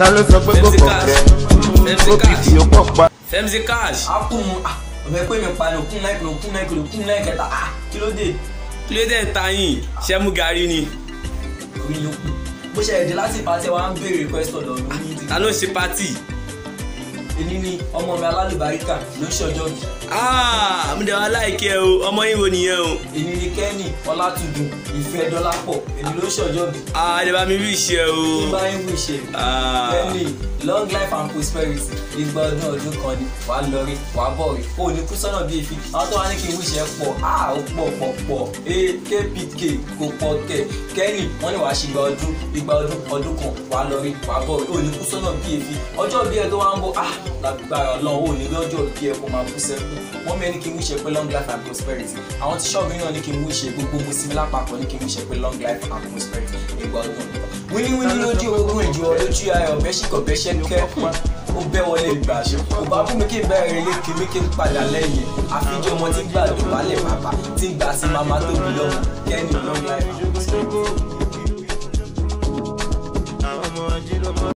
ta ló sọ pé kò kọ̀ fẹ́ ó kì í fi ó pọ̀ pa. Femzy Cash. a kún mu ọ̀fẹ́ pé mi pa ni òkun náà òkun náà òkun náà kẹta kí ló dé. kí ló dé ta yín ṣé mú gàrí ni. orí ló kù bó ṣe èdè láti pàtẹ́ request ọ̀dọ̀ ọ̀dọ̀ yìí. ta èmi ni ọmọ mi alálùbáríkà ló ṣọjọ́ bí. àmúdẹ̀ ah, wa láìkẹ́ o ọmọ yín wo nìyẹn o. èmi ni kẹ́ni ọlátúndùn ìfẹ́ dọ́lápọ̀ èmi ló ṣọjọ́ ah, bí. àdèbàmí wíṣẹ́ o. ìbáyín wíṣẹ́ ah. kẹ́ni long life and prosperity igba ọdún ọdún kan ni wàá lọ rí wàá bọ̀ rí o ní kú sọ́nà bíi fi àwọn tó wà ní kí n wíṣẹ́ pọ̀ á ó pọ̀ pọ̀ pọ̀ ee kpk kò pọ̀ kẹ̀ kẹ́lì wọ́n ní wàá ṣe igba ọdún igba ọdún ọdún kan wàá lọ rí wàá bọ̀ rí o ní kú sọ́nà bíi fi ọjọ́ bíi ẹ tó wá ń bọ̀ á lágbára ọlọ́run o ní lọ́jọ́ bíi ẹ kò máa kú sẹ́kù wọ́n mẹ́ni kí n wíṣẹ́ pé long life and prosperity àwọn tí ṣọ́ọ̀bù náà ní kí n wíṣẹ́ gbogbo mùsùlùmí lápapọ̀ ní kí n wíṣẹ́ pé long life and prosperity igba ọdún. wíníwíní lójú ogun ìjọ lójú ayọ̀ bẹ́ṣíkọ̀ bẹ́ṣẹ́ kẹ́kẹ́ ó bẹ́ wọlé gbà kò bá fún mi kí n bẹ̀rẹ̀ ilé kìmí kí n padà lẹ́yìn àfijọ́ ọmọ tí gbàdúrà lè bàbà tí gbà sí mama tóbi lọ́wọ́ kẹ́ni lọ́wọ́ láì